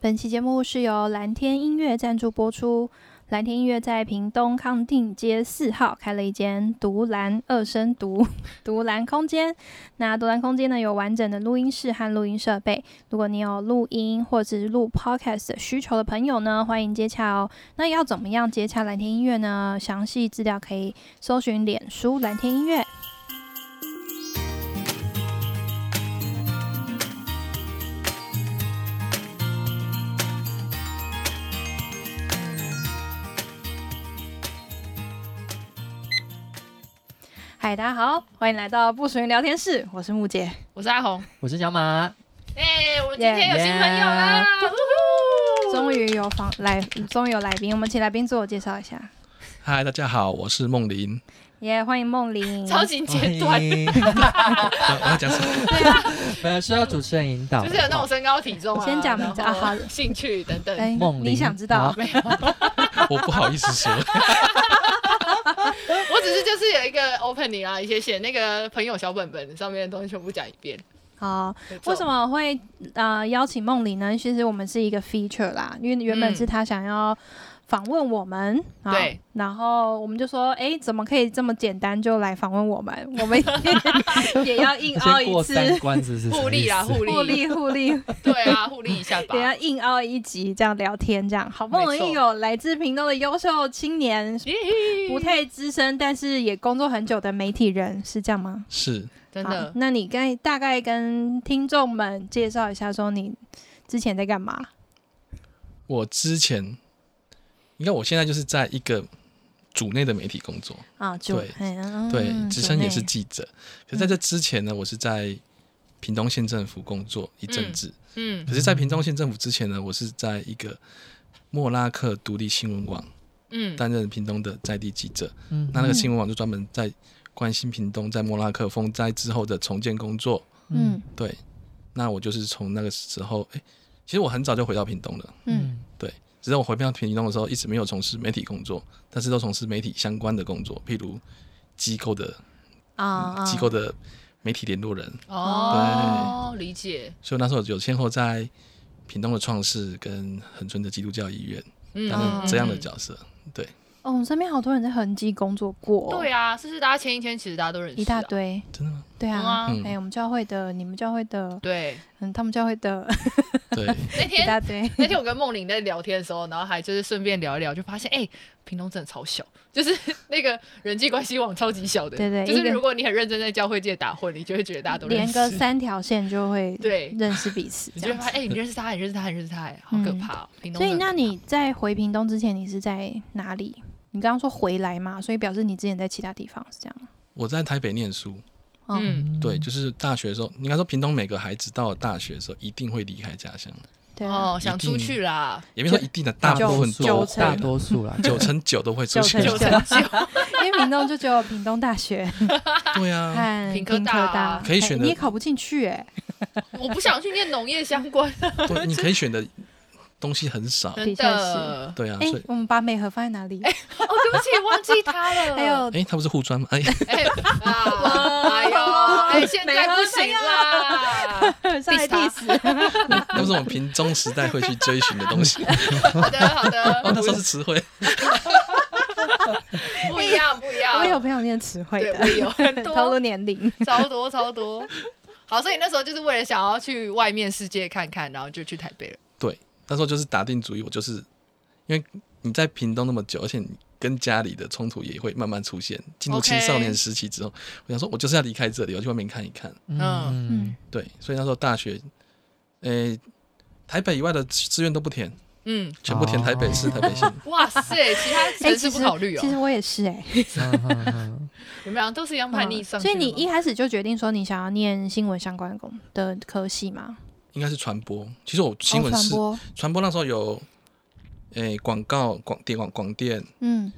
本期節目是由藍天音樂贊助播出。藍天音樂在屏東康定街四號開了一間獨藍二聲獨獨藍空間。那獨藍空間呢，有完整的錄音室和錄音設備。如果你有錄音或者是錄 podcast 需求的朋友呢，歡迎接洽哦。那要怎麼樣接洽藍天音樂呢？詳細資料可以搜尋臉書藍天音樂。嗨，大家好，歡迎來到不屬靈聊天室。我是木姐，我是阿紅， 我是小馬。哎 欸，我們今天有新朋友啦！嗚、yeah, yeah. 呼！終於有房來，終於有來賓，我們請來賓自我介紹一下。嗨，大家好，我是孟霖。耶、yeah，歡迎孟霖，超級簡短。我要講什麼？本來是要主持人引導，就是有那種身高、體重啊，先講名字啊，興趣等等。孟、欸、你想知道、啊、沒有？ 我不好意思說， 我只是就是有一個 opening 啊，一些寫那個朋友小本本上面的東西，全部講一遍。好，為什麼我會啊、呃、邀請孟霖呢？其實我們是一個 feature 啦，因為原本是他想要、嗯。訪問我們啊，然後我們就說，哎、欸，怎麼可以這麼簡單就來訪問我們？ 我們也要硬凹一次，互利啊，互利互利互利， 對啊，互利一下吧，等下硬凹一集，這樣聊天這樣，好不容易有來自屏東的優秀青年， 不太資深，但是也工作很久的媒體人，是這樣嗎？是，好，那你該大概跟聽眾們介紹一下，說你之前在幹嘛？我之前。你看，我現在就是在一個組內的媒體工作啊，組內對，職、嗯、稱也是記者。可是在這之前呢、嗯，我是在屏東縣政府工作一陣子，嗯。嗯，可是在屏東縣政府之前呢、嗯，我是在一個莫拉克獨立新聞網，嗯，擔任屏東的在地記者，嗯。那那個新聞網就專門在關心屏東在莫拉克風災之後的重建工作，嗯。對，嗯、那我就是從那個時候，哎，其實我很早就回到屏東了，嗯。嗯只是我回搬到屏東的時候，一直沒有從事媒體工作，但是都從事媒體相關的工作，譬如機構的啊、嗯，機構的媒體聯絡人哦、啊，對哦，理解。所以那時候有先後在屏東的創世跟恆春的基督教醫院，嗯、這樣的角色。嗯嗯、對，哦，我們身邊好多人在恆基工作過。對啊，是不是大家前一天其實大家都認識、啊、一大堆？真的嗎？對、嗯、啊，哎、嗯，我們教會的，你們教會的，對，嗯，他們教會的。 對 對，那天，那天我跟孟霖在聊天的時候，然後還就是順便聊一聊，就發現哎、欸，屏東真的超小，就是那個人際關係網超級小的，對，對對，就是如果你很認真在教會界打混，你就會覺得大家都個連個三條線就會對認識彼此，你就會發現哎、欸，你認識他，你認識他，你認識他，好可怕，喔嗯，很可怕。所以那你在回屏東之前，你是在哪裡？你剛剛說回來嘛，所以表示你之前在其他地方是這樣。我在台北念書。嗯，對，就是大學的時候，應該說屏東每個孩子到了大學的時候一定會離開家鄉。對哦，想出去啦，也別說一定的大部分都大多數啦 九，九成九都會出去。九成九， 因為屏東就只有屏東大學。 對啊，和屏科大，科大啊、可以選的。你也考不進去哎、欸，我不想去念農業相關的。 對，你可以選的。東西很少，比較少，對啊。欸、所以我們把美和放在哪裡？我、欸哦、對不起，忘記它了。哎呦，哎、欸，它不是護專嗎？哎、欸，哎、欸，哎、啊、呦、啊呃，哎，現在不行啦，地下室。那不是我們平中時代會去追尋的東西 好的。好的，好的。哦，那時候是慈惠，不， 不一樣，不一樣。我有朋友念慈惠的，有很多 投入年齡，超多，超多。好，所以那時候就是為了想要去外面世界看看，然後就去台北了。對。那時候就是打定主意，我就是因為你在屏東那麼久，而且你跟家裡的衝突也會慢慢出現。進入青少年時期之後，Okay. 我想說，我就是要離開這裡，我要去外面看一看。嗯，對，所以那時候大學，誒、欸，台北以外的志願都不填，嗯，全部填台北市、台北縣。哇塞，其他城市不考慮哦、欸其。其實我也是誒、欸，有沒有，都是一樣叛逆、啊、所以你一開始就決定說，你想要念新聞相關的科系嗎？應該是傳播，其實我新聞是傳、哦、播。傳播那時候有，誒、欸，廣告、廣電、廣廣電，嗯，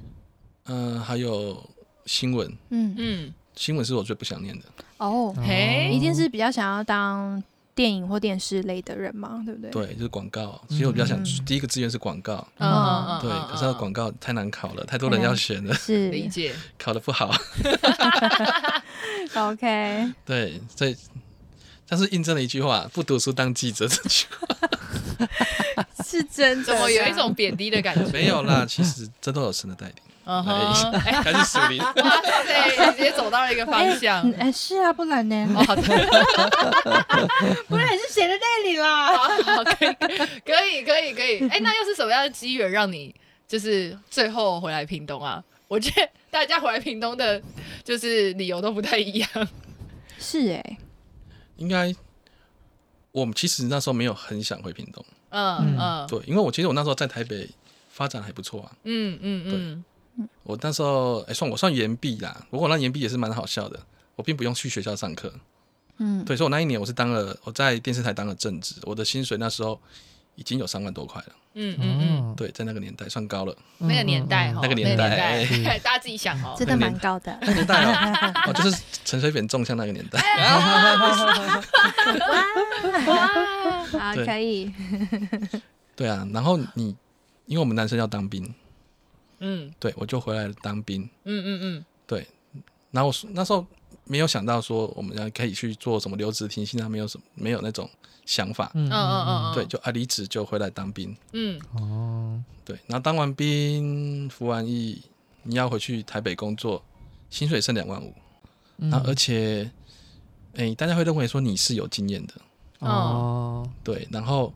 呃，還有新聞，嗯嗯，新聞是我最不想念的。哦，嘿，一定是比較想要當電影或電視類的人嘛，對不對？對，就是廣告，所以我比較想、嗯、第一個志願是廣告。啊、嗯，對，哦對哦、可是那個廣告太難考了，哦、太多人要選了，是理解，考得不好。 OK，對，所以。像是印證了一句話，“不讀書當記者這句話”，是真的？怎麼有一種貶低的感覺、啊？沒有啦，其實這都有神的帶領。嗯、uh -huh,，好、欸，哎，開始屬靈。哇塞，直接走到了一個方向。哎、欸欸，是啊，不然呢？好的。不然也是誰的帶領啦 好好？好，可以，可以，可以，可以。哎、欸，那又是什麼樣的機緣讓你就是最後回來屏東啊？我覺得大家回來屏東的，就是理由都不太一樣。是哎、欸。應該，我們其實那時候沒有很想回屏東，嗯嗯，對嗯，因為我其實我那時候在台北發展還不錯啊，嗯嗯對嗯，我那時候哎、欸、算我算延畢啦，不過我那延畢也是蠻好笑的，我並不用去學校上課，嗯，對，所以我那一年我是當了我在電視台當了正職，我的薪水那時候。已經有三萬多塊了，嗯嗯嗯，對，在那個年代算高了。嗯嗯嗯嗯，那個年代，那個年代，欸、大家自己想哦，真的蠻高的。那個年代哦，就是陳水扁中槍那個年代。好， 好，可以。 對啊，然後你，因為我們男生要當兵，嗯，對我就回來當兵，嗯嗯嗯，對，然後我那時候。沒有想到說我們要可以去做什麼留職停薪他，沒有什麼沒有那種想法。嗯嗯嗯嗯。對，就啊離職就回來當兵。嗯。哦。對，然後當完兵，服完役，你要回去台北工作，薪水剩兩萬五。那、嗯、而且，哎，大家會認為說你是有經驗的。哦。對，然後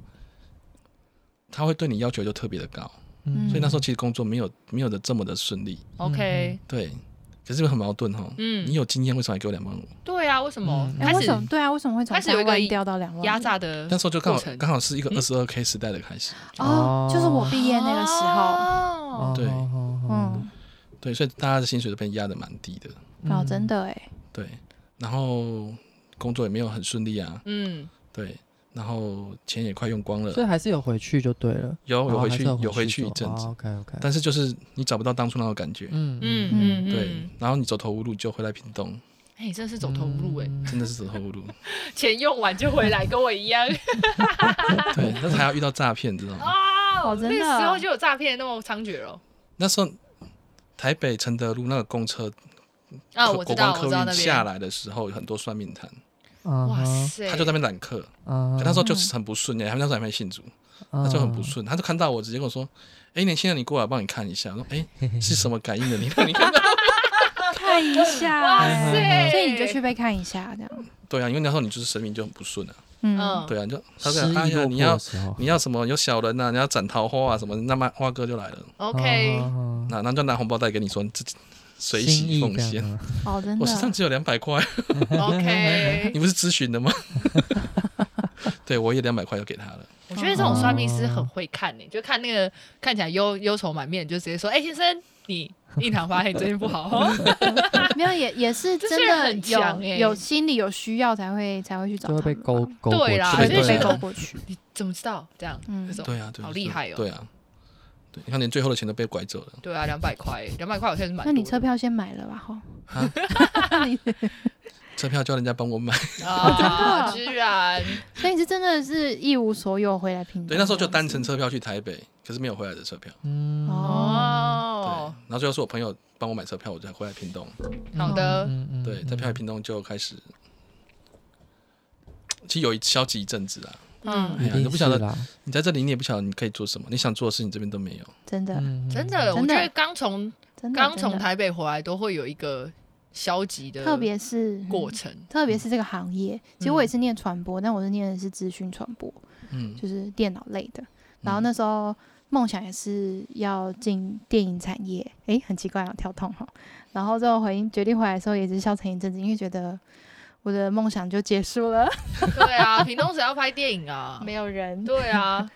他會對你要求就特別的高。嗯。所以那時候其實工作沒有沒有的這麼的順利。OK、嗯。對。嗯對可是又很矛盾哈，嗯，你有經驗，為什麼還給我兩萬五？對啊，為什麼？嗯欸、為什麼？對啊，為什麼會從八萬掉到兩萬？壓榨的。那時候就剛好剛、嗯、好是一個二十二 K 時代的開始。哦，就是我畢業那個時候。哦。對，嗯、哦哦，對，所以大家的薪水都被壓的蠻低的。哦，真的誒。對，然後工作也沒有很順利啊。嗯，對。然後錢也快用光了，所以還是有回去就對了。有有回去、哦、有，回去有回去一陣子、哦、OK OK。但是就是你找不到當初那個感覺，嗯嗯嗯對。然後你走投無路就回來屏東。哎，真的是走投無路哎、欸，真的是走投無路。嗯、 錢用完就回來，跟我一樣。 對，那還要遇到詐騙， 知道嗎？啊、oh，真的。那時候就有詐騙那麼猖獗哦。那時候台北承德路那個公車國光客運、哦、我知道，下來的時候有很多算命攤。哇塞！他就在那邊攬客，uh -huh. 他說就是很不順、欸，你、uh -huh. 他們那時候還沒信主，uh -huh. 他就很不順，他就看到我直接跟我說，哎、欸，年輕人，你過來幫你看一下，我說哎、欸、是什麼感應的你？ 看你看，看，一下，uh -huh. 所以你就去被看一下這樣。 對啊，因為那時候你就是生命就很不順啊。嗯、uh -huh.，對啊，你就他就這樣、哎、呀，你要 你要什麼有小人啊，你要斬桃花啊什麼，那麼花哥就來了，OK，那、uh、那 -huh. 就拿紅包袋給你說你自己。隨心奉獻、oh，我身上只有兩百塊。 OK，你不是諮詢的嗎？ 對，我也兩百塊要給他了。我覺得這種算命師很會看、欸、就看那個看起來憂憂愁滿面，就直接說：“哎、欸，先生，你印堂發黑，最近不好。 ” 沒有，也也是真的很強、欸、有心理有需要才會才會去找他。就會勾，勾對啦，就是被勾過去、啊。你怎麼知道這樣、嗯？對啊，對，對,對,好、喔、對啊好厲害哦。你看，連最後的錢都被拐走了。對啊，兩百塊，兩百塊，我現在是買。那你車票先買了吧，哈。 車票叫人家幫我買啊、哦 哦，居然！所以你是真的是一無所有回來屏東。對，那時候就單程車票去台北，可是沒有回來的車票。嗯哦對。然後最後是我朋友幫我買車票，我才回來屏東。好的。對，在屏東就開始，其實有一消極一陣子啊。嗯，哎、你都不曉得，你在這裡，你也不曉得你可以做什麼。你想做的事情，你這邊都沒有。真的，嗯嗯、真的，我覺得剛從剛從台北回來，都會有一個消極的，的，的，特別是過程，嗯、特別是這個行業、嗯。其實我也是念傳播，但我是念的是資訊傳播，嗯，就是電腦類的。然後那時候夢想也是要進電影產業，哎、嗯欸，很奇怪啊，跳痛吼。然後最後回決定回來的時候，也只是消沉一陣子，因為覺得。我的夢想就結束了。 對啊，屏東只要拍電影啊？ 沒有人。對啊，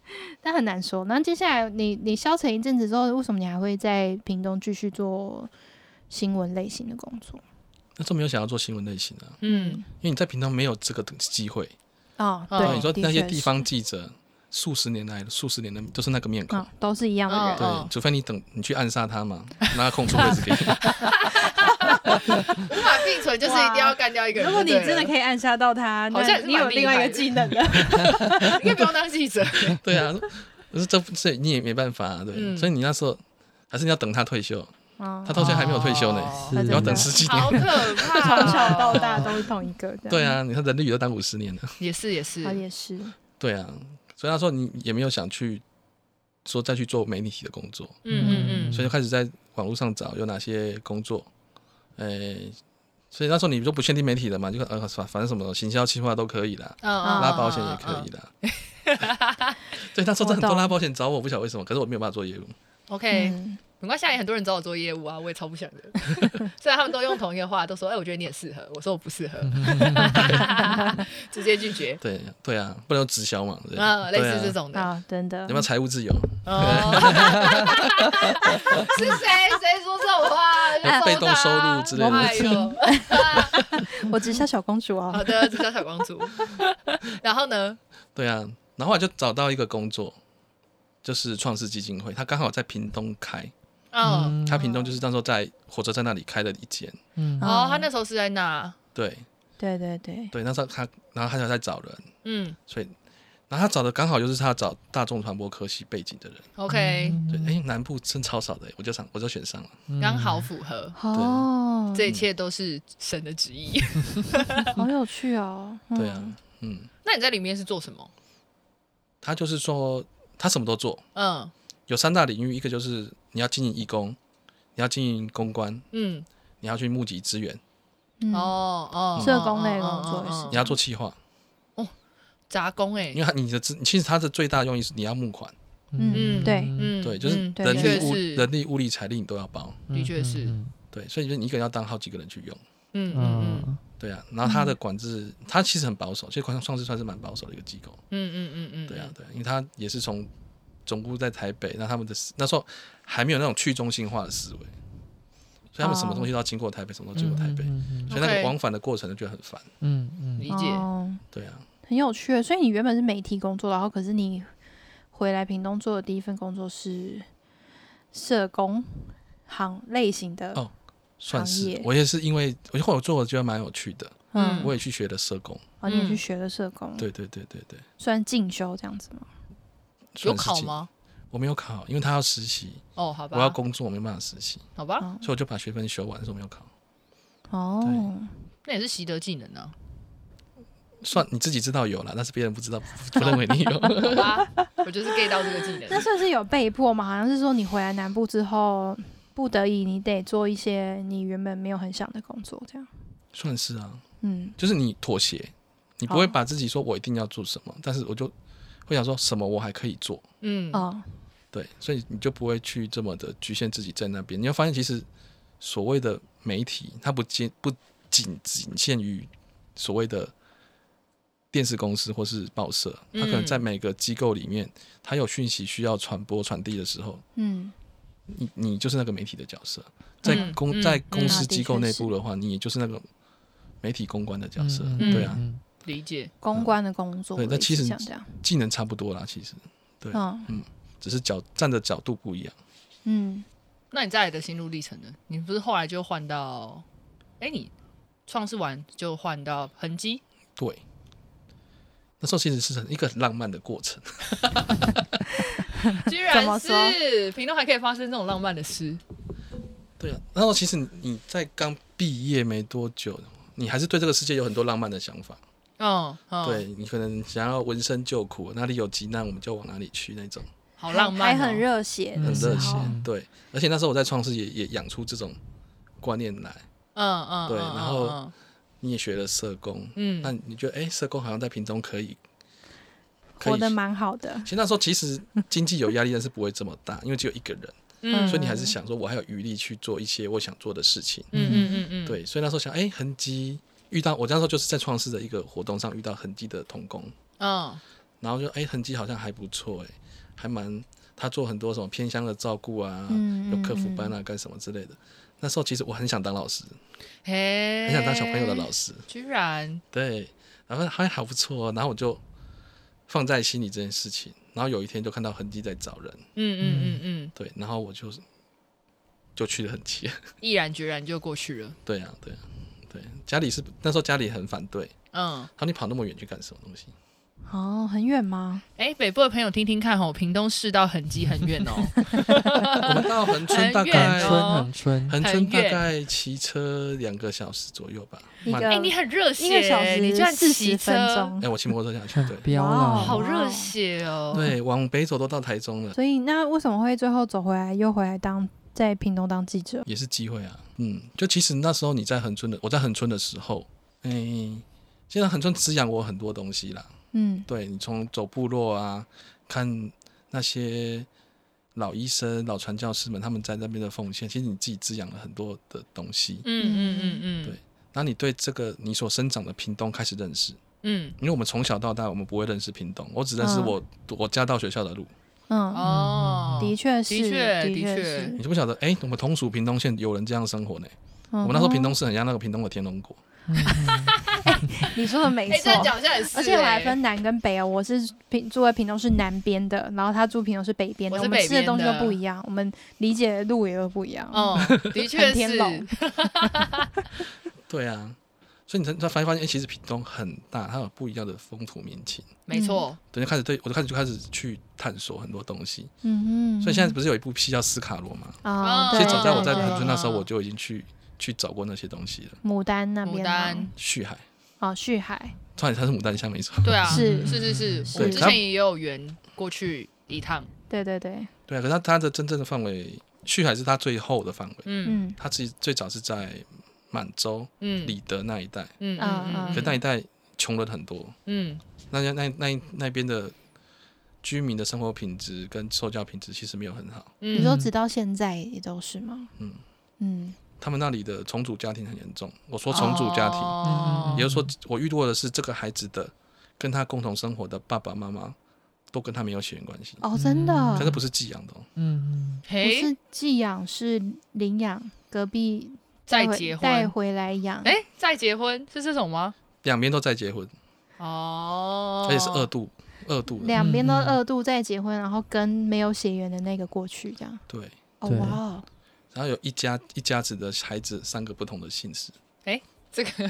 但很難說。那接下來，你你消沉一陣子之後，為什麼你還會在屏東繼續做新聞類型的工作？那是沒有想要做新聞類型啊。嗯，因為你在屏東沒有這個機會。哦對、啊，對。你說那些地方記者，數十年來，數十年的都是那個面孔、嗯，都是一樣的人。哦、對、哦，除非你等你去暗殺他嘛，那 他空出位置。 無法並存，就是一定要幹掉一個人。如果你真的可以暗殺到他， 好像你有另外一個技能了，你 也 不用當記者。 對啊，不是這這你也沒辦法、啊、對、嗯。所以你那時候還是你要等他退休、哦，他到現在還沒有退休呢，你、哦、要等十幾年。好可怕、哦，從 小到大都是同一個。對啊，你看任立渝都當五十年了，也是也是、啊、也是。對啊，所以他說你也沒有想去說再去做媒體的工作，嗯嗯嗯，所以就開始在網絡上找有哪些工作。哎、欸，所以那時候你就不限定媒體了嘛，就呃，反反正什麼行銷企劃都可以啦，oh, 拉保險也可以啦。Oh, oh, oh, oh, oh. 對，那時候真的很多拉保險找我， 我我不曉得為什麼，可是我沒有辦法做業務。OK、嗯。本來下年很多人找我做業務啊，我也超不想的。 雖然他們都用同一個話，都說：“哎、欸，我覺得你也適合。”我說：“我不適合。 ” 直接拒絕。對對啊，不能用直銷嘛。嗯、啊哦，類似這種的，真、啊、的。有沒有財務自由？哦、 是誰？誰說這種話？被動收入之類的。哎、 我直銷小公主啊。好的，直銷小公主。 然後呢？對啊，然後我就找到一個工作，就是創世基金會，他剛好在屏東開。哦、嗯，他平中就是那時候在火車站那裡開了一間。嗯，後、哦哦、他那時候是在哪？對，對，對對對對，那時候他，然後他就在找人，嗯，所以，然後他找的剛好就是他找大眾傳播科系背景的人。OK、嗯、對，哎、嗯欸，南部真超少的，我就想我就選上了，剛好符合、嗯對。哦，這一切都是神的旨意，嗯、 好有趣哦、嗯。對啊，嗯，那你在裡面是做什麼？他就是說，他什麼都做。嗯。有三大領域，一個就是你要經營義工，你要經營公關，嗯，你要去募集資源，哦、嗯、哦、嗯，社工類的工作、嗯嗯嗯嗯，你要做企劃，哦，雜工誒、欸。因為你的資，其實它的最大用意是你要募款，嗯，嗯對嗯，對，就是人力物、嗯、人力，人力物力財力你都要包，的確是，對，所以就是你一個人要當好幾個人去用，嗯嗯嗯，對啊，然後它的管制，它其實很保守，所以創創算是蠻保守的一個機構，嗯嗯嗯嗯，對啊對，因為它也是從。總部在台北，那他們的那時候還沒有那種去中心化的思維，所以他們什麼東西都要經過台北，oh. 什麼都經過台北，嗯嗯嗯嗯，所以那個往返的過程就覺得很煩。Okay. 嗯嗯，理解，oh, 對啊，很有趣的。所以你原本是媒體工作，然後可是你回來屏東做的第一份工作是社工行類型的。哦、oh,，算是，我也是因為我後來做我覺得蠻有趣的，嗯，我也去學了社工。啊、嗯，oh, 你也去學了社工？嗯、對對對對對，算進修這樣子嗎？有考嗎？我沒有考，因為他要實習。哦，好吧。我要工作，我沒辦法實習。好吧，所以我就把學分修完，我沒有考。哦，那也是習得技能啊。算你自己知道有了，但是別人不知道，不認為你有。 好吧，我就是 get 到這個技能。 那算是有被迫嗎？好像是說你回來南部之後，不得已你得做一些你原本沒有很想的工作，這樣。算是啊，嗯，就是你妥協，你不會把自己說我一定要做什麼，哦，但是我就。會想說什麼？我還可以做，嗯，哦，對，所以你就不會去這麼的局限自己在那邊。你會發現，其實所謂的媒體，它不僅不僅僅限於所謂的電視公司或是報社，它可能在每個機構裡面，它有訊息需要傳播傳遞的時候，嗯，你你就是那個媒體的角色。在公在公司機構內部的話，你也就是那個媒體公關的角色，嗯嗯，對啊。理解公關的工作、嗯，對，那其實技能差不多啦，其實，對，哦、嗯，只是角站的角度不一樣。嗯，那你再來的心路歷程呢？你不是後來就換到，哎、欸，你創世完就換到痕跡？對，那時候其實是一個很浪漫的過程， 居然是平常還可以發生這種浪漫的事？ 對啊，然後其實你在剛畢業沒多久，你還是對這個世界有很多浪漫的想法。哦、oh, oh.，對，你可能想要聞聲救苦，哪裡有急難我們就往哪裡去那種，好浪漫，還很熱血，很熱血，對。Oh. 而且那時候我在創世也也養出這種觀念來，嗯嗯，對。然後你也學了社工，嗯、oh.，那你覺得哎、欸，社工好像在屏東可以活得蠻好的。其實那時候其實經濟有壓力，但是不會這麼大， 因為只有一個人，嗯、oh.，所以你還是想說我還有餘力去做一些我想做的事情，嗯嗯嗯對。所以那時候想，哎、欸，橫機。遇到我那時候就是在創世的一個活動上遇到恆基的同工，嗯、哦，然後就哎、欸、恆基好像還不錯哎、欸，還蠻他做很多什麼偏鄉的照顧啊，嗯、有課輔班啊、嗯，幹什麼之類的。那時候其實我很想當老師，嘿，很想當小朋友的老師，居然，對，然後還還不錯、啊，然後我就放在心裡這件事情。然後有一天就看到恆基在找人，嗯嗯嗯嗯，對嗯，然後我就就去了恆基，毅然決然就過去了， 對啊對啊。對，家裡是那時候家裡很反對，嗯，好，你跑那麼遠去幹什麼東西？哦，很遠嗎？哎，北部的朋友聽聽，聽看哦，屏東市到恆基很遠哦。 我們到恆春大概恆、哦、春恆春春大概騎車兩個小時左右吧。哎、欸，你很熱血、欸，一個小時你居然四十分鐘騎車？哎、欸，我騎摩托車下去，對，比、哦、好熱血哦。對，往北走都到台中了。所以那為什麼會最後走回來，又回來當在屏東當記者？也是機會啊。嗯，就其實那時候你在恆春的，我在恆春的時候，哎、欸，現在恆春滋養我很多東西啦，嗯，對你從走部落啊，看那些老醫生、老傳教士們，他們在那邊的奉獻，其實你自己滋養了很多的東西。嗯嗯嗯嗯，對，那你對這個你所生長的屏東開始認識。嗯，因為我們從小到大，我們不會認識屏東，我只認識我、哦、我家到學校的路。嗯、哦、的確是，的確，的確是的。你就不曉得，哎、欸，我們同屬屏東縣，有人這樣生活呢、嗯。我們那時候屏東市很像那個屏東的天龍國、嗯 欸。你說的沒錯、欸欸，而且我還分南跟北哦、喔。我是屏住在屏東市南邊的，然後他住屏東市北邊的，的。我們吃的東西都不一樣，我們理解的路也都不一樣。哦、嗯，的確是。 對啊。所以你才發發現，哎，其實屏東很大，它有不一樣的風土民情。沒、嗯、錯，我就開始對我就開始就開始去探索很多東西。嗯哼嗯哼。所以現在不是有一部戲叫《斯卡羅》嗎？啊、哦，對。所以早在我在恆春那時候，我就已經去、哦、去找過那些東西了。牡丹那邊。牡丹。旭海。哦，旭海。川菜它是牡丹鄉沒錯。對啊，是是是是。我之前也有緣過去一趟。對對對。對啊，可是它的真正的範圍，旭海是它最後的範圍。嗯嗯。它自己最早是在。滿州，嗯，里德那一帶，嗯嗯，啊、嗯，可那一帶窮了很多，嗯，嗯那那那那那邊的居民的生活品質跟受教品質其實沒有很好，嗯，你說直到現在也都是嗎？嗯嗯，他們那裡的重組家庭很嚴重，我說重組家庭，哦、也就是說我遇到的是這個孩子的跟他共同生活的爸爸媽媽都跟他沒有血緣關係，哦，真的，這個不是寄養的，嗯嗯，不是寄養是領養，隔壁。再結婚，帶回來養。哎、欸，再結婚是這種嗎？兩邊都在結婚。哦，而且是二度，二度。兩邊都二度再結婚，然後跟沒有血緣的那個過去這樣。嗯、對。哇、oh, wow。然後有一家一家子的孩子，三個不同的姓氏。哎、欸，這個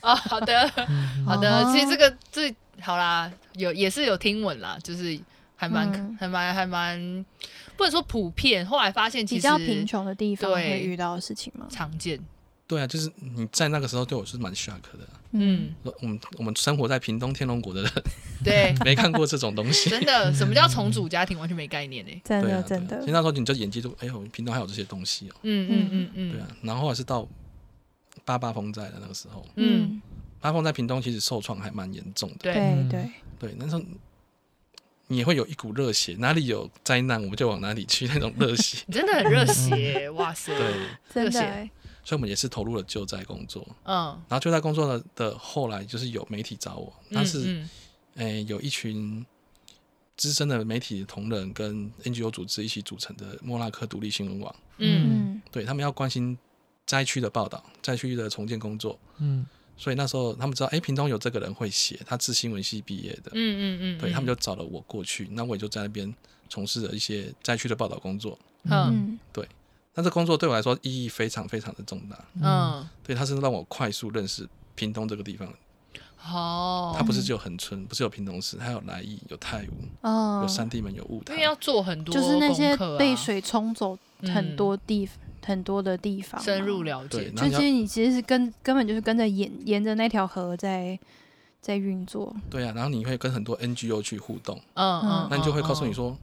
哦，oh, 好的 好的，其實這個最好啦，有也是有聽聞啦，就是。還蠻、嗯、還蠻還蠻，不能說普遍。後來發現，其實比較貧窮的地方會遇到的事情嗎對？常見。對啊，就是你在那個時候對我是蠻 shock 的、啊。嗯。我們我們生活在屏東天龍國的人，對，沒看過這種東西。 真的？什麼叫重組家庭？嗯、完全沒概念嘞、欸。真的真的。對啊對啊、所以那時候你就眼睛就，哎、欸、呦，屏東還有這些東西哦、喔。嗯嗯嗯嗯。對啊，然後還是到八八風災的那個時候。嗯。八八風災，屏東其實受創還蠻嚴重的。對、嗯、對對。對，那時候。你會有一股熱血，哪裡有災難，我們就往哪裡去，那種熱血， 真的很熱血， 哇塞，對，熱血。所以我們也是投入了救災工作，嗯，然後救災工作的後來，就是有媒體找我，但是嗯嗯、欸，有一群資深的媒體同仁跟 NGO 組織一起組成的莫拉克獨立新聞網，嗯，嗯，對，他們要關心災區的報道，災區的重建工作，嗯。所以那時候他們知道，哎，屏東有這個人會寫，他自新聞系畢業的，嗯嗯嗯，對嗯他們就找了我過去，那我也就在那邊從事了一些災區的報道工作，嗯，對，那這工作對我來說意義非常非常的重大，嗯，對，他是讓我快速認識屏東這個地方，哦、嗯，它不是只有恆春，不是有屏東市，他有來義有泰武、哦，有三地門、有霧台。因為要做很多，就是那些被水沖走很多地方。嗯很多的地方深入了解，就是你其實是跟根本就是跟着沿沿着那條河在在運作。對啊，然後你會跟很多 NGO 去互動，嗯嗯，那你就會告訴你說，嗯，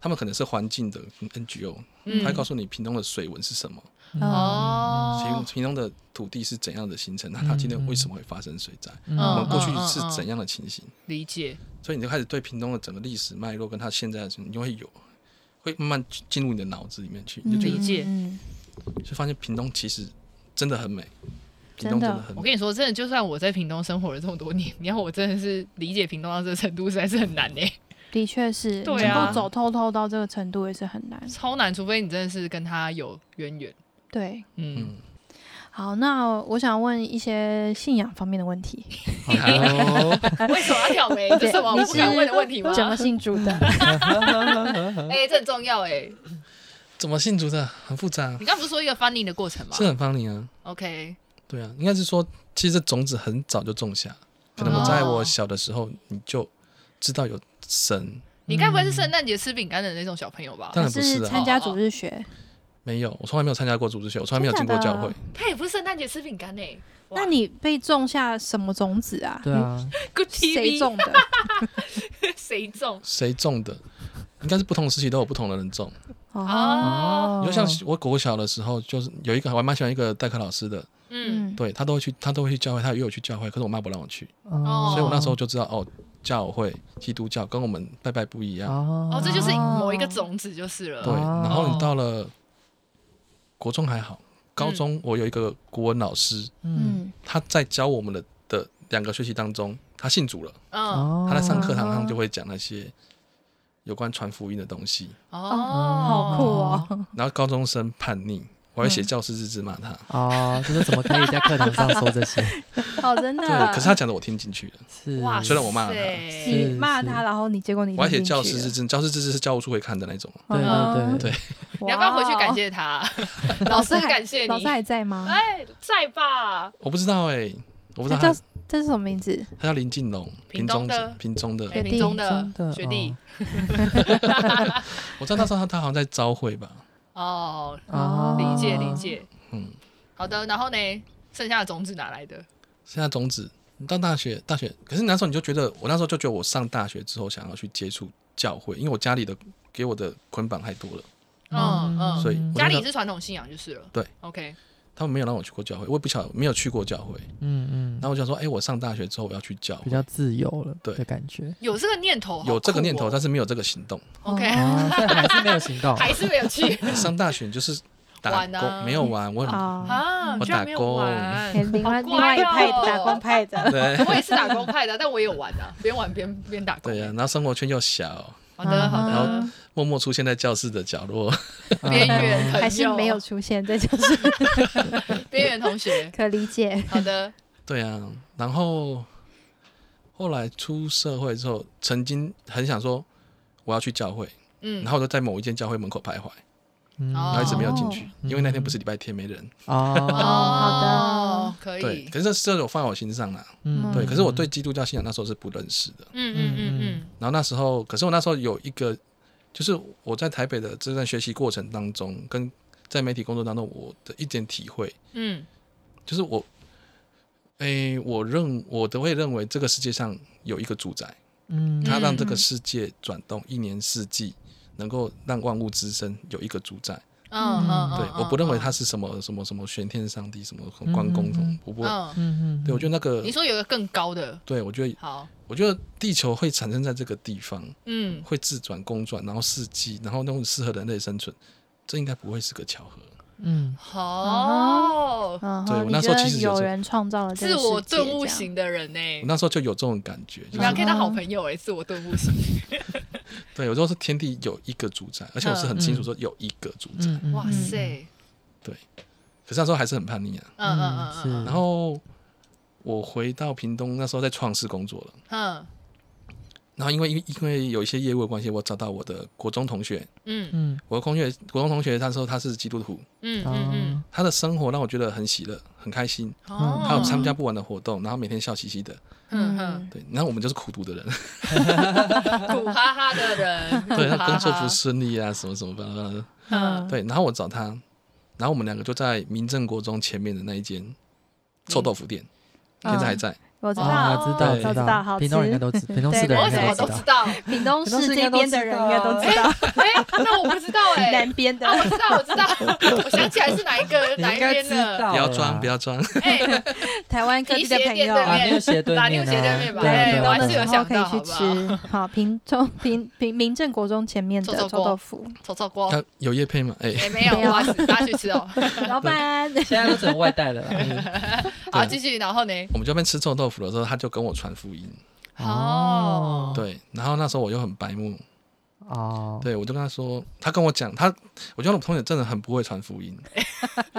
他們可能是環境的 NGO，嗯，他會告訴你屏東的水文是什麼，哦，嗯，嗯，所以屏東的土地是怎樣的形成，那它今天為什麼會發生水災，嗯？我們過去是怎樣的情形，嗯？理解，所以你就開始對屏東的整個歷史脈絡跟它現在的，麼，你會有。會慢慢進入你的腦子裡面去，你就就是、嗯，就發現屏東其實真的很美，屏東真的很美真的。我跟你說，真的，就算我在屏東生活了這麼多年，你要我真的是理解屏東到這個程度，實在是很難哎、欸。的確是，能 夠、啊、走透透到這個程度也是很難，超難，除非你真的是跟他有淵源。對，嗯。嗯好，那我想問一些信仰方面的問題。Okay. 為什麼要挑眉？ 這是我不敢問的問題嗎？怎麼信主的？哎、 欸，這很重要哎、欸。怎麼信主的？很複雜。你剛不是說一個 funny 的過程嗎？是很 funny 啊。OK。對啊，應該是說，其實這種子很早就種下，可能我在我小的時候，你就知道有神。你該不會是聖誕節吃餅乾的那種小朋友吧？嗯、當然不是、啊、是參加主日學。Oh, oh, oh. 沒有，我從來沒有參加過主日學，我從來沒有進過教會。他也不是聖誕節吃餅乾呢、欸。那你被種下什麼種子啊？對啊，嗯、Good TV 誰種的？ 誰種？誰種的？應該是不同時期都有不同的人種。哦，你就像我國小的時候，就是有一個我還蠻喜歡一個代課老師的，嗯，對他都會去，他都會去教會，他也有去教會，可是我媽不讓我去，哦，所以我那時候就知道哦，教會基督教跟我們拜拜不一樣哦。哦，這就是某一個種子就是了。哦、對，然後你到了。哦國中還好，高中我有一個國文老師，嗯，他在教我們的的兩個學期當中，他信主了，哦，他在上課堂上就會講那些有關傳福音的東西，哦，好酷啊！然後高中生叛逆。我要寫教師日志罵他 哦，就是怎麼可以在課堂上說這些？好、 哦、真的？對，可是他講的我聽進去了，是雖然我罵了他，是罵他，然後你結果你我還寫教師日志，教師日志是教務處會看的那種，嗯、對對對你要不要回去感謝他？老師很 感謝你。老師還在嗎？哎、欸，在吧。我不知道哎、欸，我不知道他,他叫這是什麼名字？他叫林進龍，屏中的屏中的、欸、屏中的學弟。哦、 我知道那時候他說他,他好像在朝會吧。哦、oh, oh，理解理解，嗯，好的，然後呢，剩下的種子哪來的？剩下種子，你到大學，大學，可是那時候你就覺得，我那時候就覺得，我上大學之後想要去接觸教會，因為我家裡的給我的捆綁太多了，嗯嗯，所以家裡是傳統信仰就是了，對，OK，他們沒有讓我去過教會，我也不曉得，沒有去過教會，嗯嗯。然後我就想說，哎、欸，我上大學之後我要去教，比較自由了，對的感覺。有這個念頭、喔，有這個念頭，但是沒有這個行動。OK，、哦啊、還是沒有行動， 還是沒有去。上大學就是打工，啊、沒有玩。我啊，我打工。我外、喔、另外一派打工派的， 對，我也是打工派的，但我也有玩的、啊，邊玩邊邊打工。對啊，然後生活圈又小。 好的好的，然後默默出現在教室的角落，邊、啊、緣還是沒有出現在教室。邊緣同學 可理解。好的。對啊，然後後來出社會之後，曾經很想說我要去教會，嗯，然後就在某一間教會門口徘徊，嗯，然後一直沒有進去，哦、因為那天不是禮拜天，沒人。哦，好 的、哦，可以。可是這事我放在我心上了，嗯，對。可是我對基督教信仰那時候是不認識的，嗯嗯嗯嗯。然後那時候，可是我那時候有一個，就是我在台北的這段學習過程當中，跟在媒體工作當中，我的一點體會，嗯，就是我。誒，我認我都會認為這個世界上有一個主宰，嗯，它讓這個世界轉動，一年四季、嗯，能夠讓萬物滋生，有一個主宰，嗯嗯，對，我不認為它是什麼、哦、什麼什麼玄天上帝什麼關公什麼，嗯、不，嗯、哦、嗯，對我覺得那個，你說有個更高的，對我覺得好，我覺得地球會產生在這個地方，嗯，會自轉公轉，然後四季，然後那種適合人類生存，這應該不會是個巧合。嗯，好、oh. uh -huh. uh -huh.。對，我那時候其實有人創造了自我頓悟型的人誒，我那時候就有這種感覺。你要看到好朋友哎自我頓悟型。Uh -huh. 對，有時候是天地有一個主宰，而且我是很清楚說有一個主宰。哇塞！對，可是那時候還是很叛逆啊。嗯，嗯。然後我回到屏東，那時候在創世工作了。嗯、uh -huh.。然後因為因因為有一些業務的關係，我找到我的國中同學，嗯嗯，我的同學國中同學他說他是基督徒，嗯嗯，他的生活讓我覺得很喜樂，很開心，哦，他有參加不完的活動，然後每天笑嘻嘻的，嗯嗯，對，然後我們就是苦讀的人，嗯嗯苦讀的人嗯嗯、 苦哈哈的人，對他工作不順利啊， 什麼什麼，嗯，對，然後我找他，然後我們兩個就在明正國中前面的那一間臭豆腐店，嗯嗯、現在還在。嗯我知道，哦、我知道，哦、我都知道，對，好吃，屏東應該都，都知道，屏東市的人應該都知道，屏東市這邊的人應該都知道。哎、欸，那我不知道哎、欸，南邊的，哦，我知道，我知道， 我想起來是哪一個，哪一邊的？不要裝，不要裝。哎、欸，台灣皮鞋店對面，皮、啊、鞋對面、啊鞋對面，對、欸，我還是有想到可以去吃。好，屏東平平明正國中前面的臭、臭、臭豆腐，臭臭鍋、啊，有有業配嗎？哎、欸欸，沒有啊 大家去吃哦、喔，老闆，現在都只能外帶的了。好， 繼續，然後呢？我們這邊吃臭豆。服的時候，他就跟我傳福音。哦、oh.，對，然後那時候我又很白目。哦、oh.，對，我就跟他說，他跟我講，他我覺得我朋友真的很不會傳福音。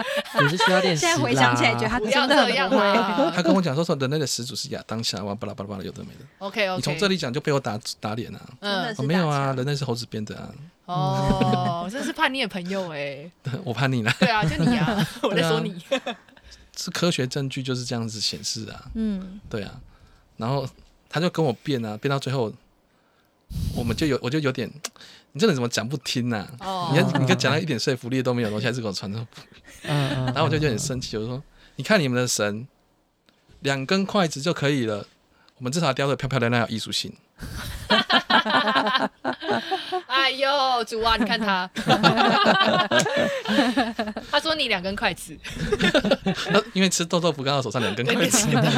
你是需要練習？現在回想起來，覺得他真的不、啊、他跟我講說，說人類的始祖是亞當夏娃，巴拉巴拉巴拉，有的沒的。OK OK，你從這裡講就被我打打臉了、啊。嗯、啊，沒有啊，人類是猴子變的啊。哦、oh, 嗯，真是叛逆的朋友哎、欸。 我叛逆了？對啊，就你啊， 啊我在說你。是科學證據就是這樣子顯示啊，嗯，對啊，然後他就跟我辯啊，辯到最後，我們就有我就有點，你這人怎麼講不聽呢、啊？哦，你看你跟講到一點說服力都沒有，然後還是給我傳嗯，然後我就有點生氣，嗯、我就說、嗯，你看你們的神、嗯，兩根筷子就可以了，我們至少雕的漂漂亮亮有藝術性。 有主啊！你看他， 他說你兩根筷子， 因為吃豆豆腐剛好手上兩根筷子， 對對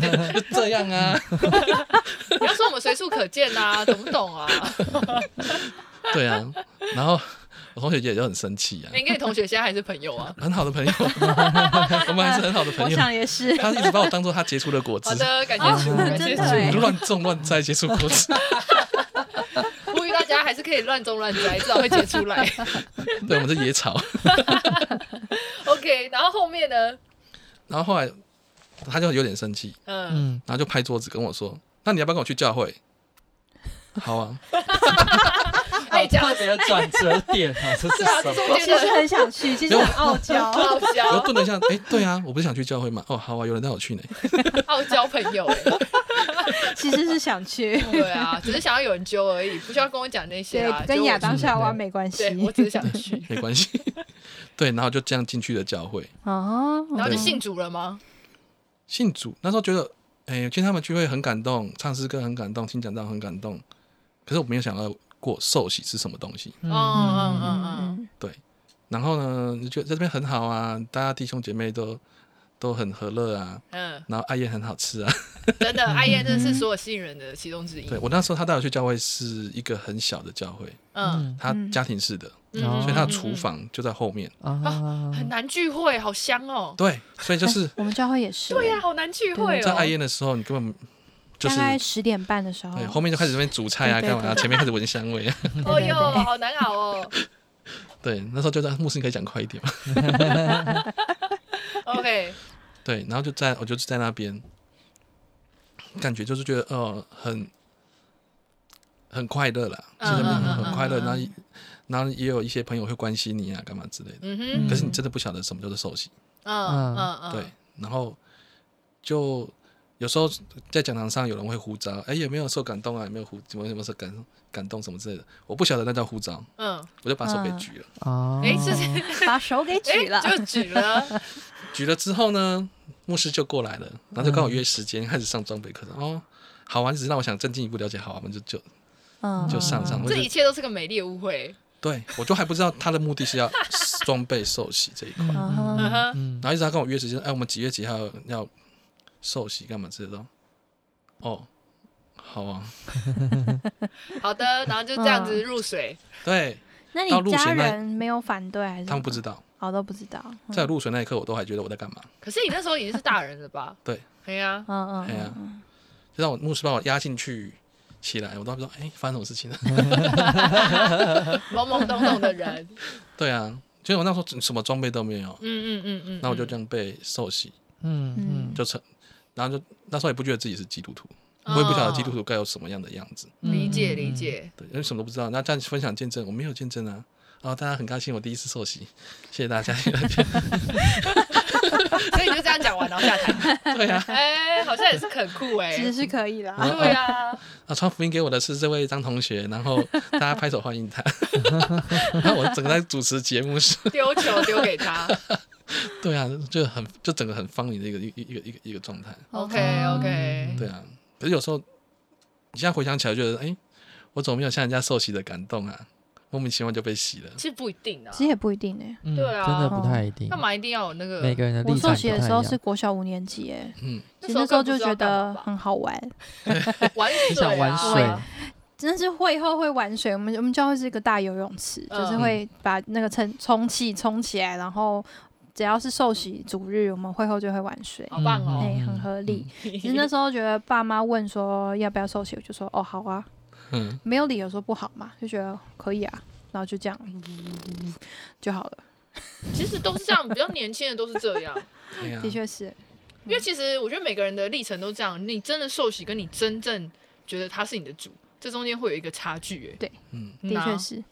對對 就這樣啊。 你要說我們隨處可見啊，懂不懂啊？ 對啊。然後我同學姐就很生氣啊。你、欸、跟你同學現在還是朋友啊？很好的朋友。我們還是很好的朋友。 我想也是。 他一直把我當做他結出的果子。好的，感謝，是、哦、謝。你亂種亂栽， 亂亂結出果子。 還是可以亂種亂栽，至少會結出來。 對，我們是野草。 OK，然後後面呢？然後後來他就有點生氣，嗯，然後就拍桌子跟我說：“那你要不要跟我去教會？” 好啊。哎，教會的轉折點啊，這是什麼 是、啊？其實很想去，其實很傲嬌。 傲嬌。我頓了一下，哎、欸，對啊，我不是想去教會嘛？哦，好啊，有人帶我去呢。 傲嬌朋友。 其實是想去， 對啊，只是想要有人揪而已，不需要跟我講那些、啊。跟亞當夏娃沒關係、 嗯。我只是想去， 沒關係。 對，然後就這樣進去的教會。哦、uh -huh，uh -huh. 然後就信主了嗎？信主那時候覺得，哎、欸，聽他們聚會很感動，唱詩歌很感動，聽講道很感動。可是我沒有想到過受洗是什麼東西。嗯嗯嗯嗯。對，然後呢，就覺得這邊很好啊，大家弟兄姐妹都。都很和樂啊，嗯，然後愛宴很好吃啊，等等。愛宴真的、嗯、真是所有吸引人的、嗯、其中之一。對，我那時候他帶我去教會是一個很小的教會，嗯，他家庭式的，嗯、所以他的廚房就在後面、嗯啊嗯哦，啊，很難聚會，好香哦。對，所以就是、欸、我們教會也是，對呀、啊，好難聚會哦。啊會哦啊、在愛宴的時候，你根本就是剛剛在十點半的時候，對後面就開始在那邊煮菜啊，幹嘛？剛剛然後前面開始聞香味、啊，哎呦，好難熬哦。對，那時候就在牧師，你可以講快一點嘛 ，OK。對，然後就在，我就在那邊，感覺就是覺得，哦、呃，很很快樂啦，真、oh, 的很，很快樂。那、oh, oh, oh, oh, oh, oh.，然後也有一些朋友會關心你啊，幹嘛之類的。Mm -hmm. 可是你真的不曉得什麼叫做休息。Oh, oh, oh. 對，然後就。有時候在講堂上，有人會呼召，哎、欸，有沒有受感動啊？有沒有呼？什麼什麼受感感動什麼之類的？我不曉得那叫呼召，嗯，我就把手給舉了。哦、嗯，哎、欸，就是、嗯、把手給舉了、欸，就舉了。舉了之後呢，牧師就過來了，然後就跟我約時間、嗯，開始上裝備課程哦。好啊，只是讓我想再進一步了解。好啊，我們就就、嗯、就上上、嗯就。這一切都是個美麗的誤會。對，我就還不知道他的目的是要裝備受洗這一塊、 嗯嗯嗯嗯嗯。然後一直他跟我約時間，哎、欸，我們幾月幾號要？受洗幹嘛知道？哦，好啊。 好的，然後就這樣子入水。 對。那你家人沒有反對，還是？ 他們不知道。好、哦、都不知道、嗯。在入水那一刻，我都還覺得我在幹嘛。可是你那時候已經是大人了吧？ 對。可 以啊。嗯嗯、啊。可以就讓我牧師把我壓進去起來，我都不知道哎，發生什麼事情了。 懵懵懂懂的人。 對啊，其實我那時候什麼裝備都沒有。嗯嗯嗯嗯、嗯。那我就這樣被受洗。嗯嗯。就成。嗯然後就那時候也不覺得自己是基督徒，我、哦、也不曉得基督徒該有什麼樣的樣子。嗯、理解理解，對，因為什麼都不知道。那這樣分享見證，我沒有見證啊。然後大家很高興，我第一次受洗，謝謝大家。 所以就這樣講完，然後下台。 對啊，哎、欸，好像也是很酷哎、欸，其實是可以的、啊。對啊。啊，傳福音給我的是這位張同學，然後大家拍手歡迎他。 然後我整個在主持節目是丟 球丟給他。 對啊，就很就整個很方的一個一一個一個一個一個狀態。OK OK、嗯。對啊，可是有時候你現在回想起來，覺得哎、欸，我怎麼沒有像人家受洗的感動啊，莫名其妙就被洗了。其實不一定啊，其實也不一定呢、欸嗯。對啊，真的不太一定。幹、哦、嘛一定要有那個每個人，我受洗的時候是國小五年級哎、欸，嗯，那時候就覺得很好玩，嗯、玩水真、啊、的、 啊啊、是會後會玩水。我們我們教會是一個大游泳池，就是會把那個充充氣充起來，然後。只要是受洗主日，我們會後就會晚睡，好棒哦，哎、嗯嗯欸，很合理。其實那時候覺得爸媽問說要不要受洗，我就說哦好啊，嗯，沒有理由說不好嘛，就覺得可以啊，然後就這樣就好了。其實都是這樣，比較年輕的都是這樣，的確是，因為其實我覺得每個人的歷程都這樣，你真的受洗，跟你真正覺得他是你的主，這中間會有一個差距，哎，對，嗯，的確是。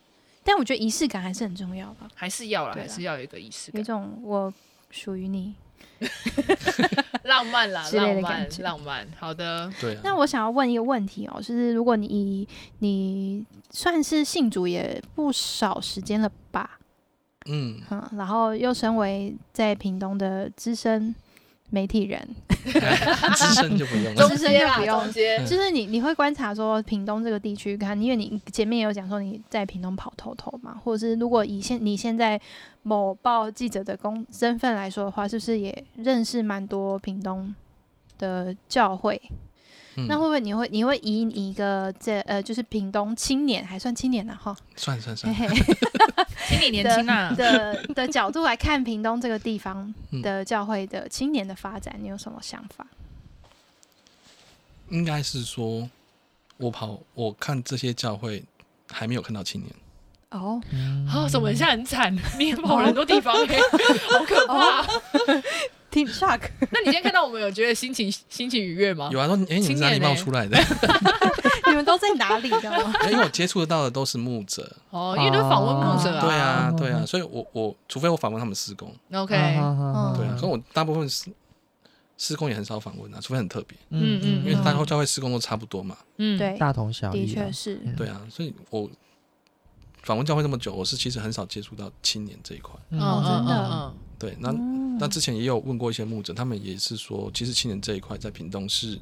但我覺得儀式感還是很重要吧，還是要啦，啦還是要有一個儀式感，有一種我屬於你 浪漫啦，浪漫了浪漫浪漫。好的，對、啊。那我想要問一個問題哦、喔，就是，是如果你你算是信主也不少時間了吧，嗯嗯，然後又身為在屏東的資深。媒體人，資 深就不就不用、 嗯、就是你，你會觀察說，屏東這個地區，看，因為你前面也有講說你在屏東跑透透嘛，或者是如果以現你現在某報記者的公身份來說的話，是、就、不是也認識蠻多屏東的教會？嗯、那會不會你會你會以一個這呃就是屏東青年還算青年呢？、啊、哈，算算算，嘿嘿， 青年年輕啊的的，的角度來看屏東這個地方的教會的青年的發展，你有什麼想法？應該是說，我跑我看這些教會還沒有看到青年哦，好、嗯、怎麼現在很慘？ 你也跑很多地方， 好可怕。哦 Team、Shark， 那你今天看到我們有覺得心情 心情愉悅嗎？有啊，說哎、欸，你是哪裡冒出來的？ 你們都在哪裡的嗎？ 因為我接觸得到的都是牧者，哦，因為都訪問牧者啊、哦。對啊，對啊，所以我我除非我訪問他們施工、哦對哦、們施工，OK，、哦、對啊，可、哦、我大部分是施工也很少訪問啊，除非很特別，嗯嗯，因為大家教會施工都差不多嘛，嗯，對，大同小異，的確是，對啊，所以我。訪問教會這麼久，我是其實很少接觸到青年這一塊，嗯。哦，真的。對，那，嗯、那之前也有問過一些牧者，他們也是說，其實青年這一塊在屏東是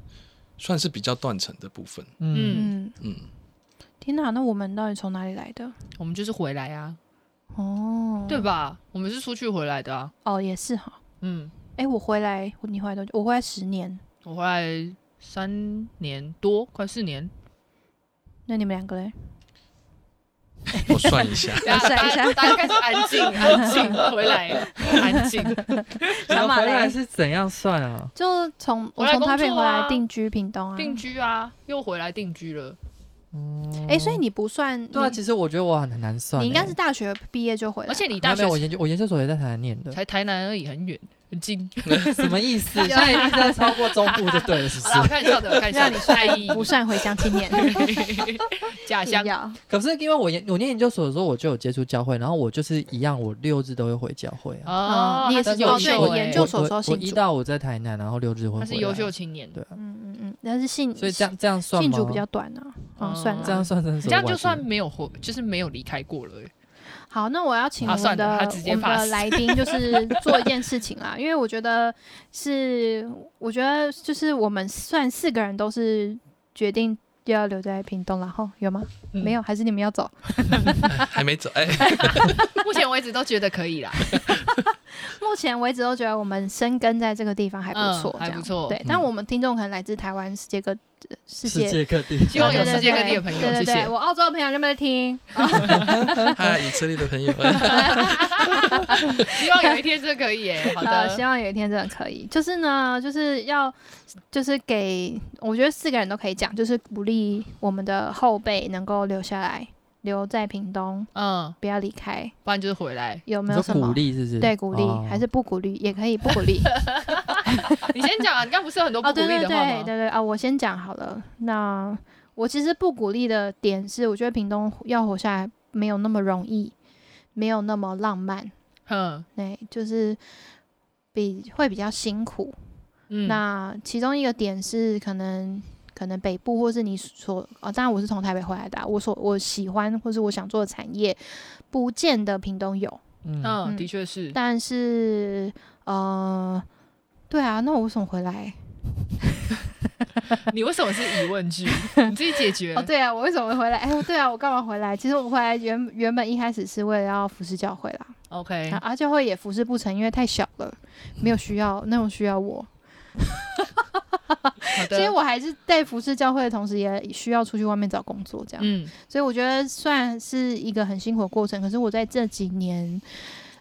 算是比較斷層的部分。嗯嗯。天哪，那我們到底從哪裡來的？我們就是回來啊。哦。對吧？我們是出去回來的啊。哦，也是哈。嗯。哎、欸，我回來，你回來多久？我回來十年。我回來三年多，快四年。那你們兩個嘞？ 我算一下，算一下大，大家開始安靜， 安靜回來，安靜。想回來是怎樣算啊？ 就從我從台北回來定居屏東啊,啊，定居啊，又回來定居了。嗯，哎、欸，所以你不算那、啊、其實我覺得我很難算、欸。你應該是大學畢業就回來，而且你大學我研究我研究所也在,在台南念的，才台南而已很，很遠。很近，什麼意思？所以就是超過中部就對了，是不是？ 我看笑怎感看笑，那你算不算回鄉青年， 假象可是因為我研我念研究所的時候，我就有接觸教會，然後我就是一樣，我六日都會回教會、啊、哦,哦，你也是優秀、欸。我研究所的時候我我，我一到我在台南，然後六日會回。他是優秀青年，對，嗯嗯嗯，但是信，所以這樣這樣算嗎？信主比較短啊，哦、嗯嗯、算了、啊，這樣算什麼這樣就算沒有回，就是沒有離開過了、欸。好，那我要請我們的、啊、他直接我們的來賓就是做一件事情啦， 因為我覺得是，我覺得就是我們算四個人都是決定要留在屏東，然、哦、後有嗎、嗯？沒有，還是你們要走？還沒走哎，欸、 目前為止都覺得可以啦。 目前為止我都覺得我們生根在這個地方還不錯、嗯，還不錯對，但我們聽眾可能來自台灣，世界各地，世界各地，希望有世界各地的朋友，對對對對對對謝謝。我澳洲的朋友有沒有聽？哈、啊， 他以色列的朋友， 希望有一天真的可以，耶。好的、呃，希望有一天真的可以。就是呢，就是要，就是給，我覺得四個人都可以講，就是鼓勵我們的後輩能夠留下來。留在屏東，嗯，不要離開，不然就是回來。有沒有什麼鼓勵？是不是？對，鼓勵、哦、還是不鼓勵也可以不鼓勵。 你先講啊，你剛不是有很多不鼓勵的話嗎、哦？對對對對對啊，哦，我先講好了。那我其實不鼓勵的點是，我覺得屏東要活下來沒有那麼容易，沒有那麼浪漫。嗯，對，就是比會比較辛苦。嗯，那其中一個點是可能。可能北部或是你所、啊、哦，當然我是從台北回來的、啊。我所我喜歡或是我想做的產業，不見得屏東有。嗯，嗯的確是。但是呃，對啊，那我為什麼回來？ 你為什麼是疑問句？ 你自己解決。 哦，對啊，我為什麼會回來？哎，對啊，我幹嘛回來？其實我回來原原本一開始是為了要服侍教會啦。OK。啊，教會也服侍不成，因為太小了，沒有需要那種需要我。 其實我還是在服侍教會的同時，也需要出去外面找工作，這樣、嗯。所以我覺得算是一個很辛苦的過程。可是我在這幾年，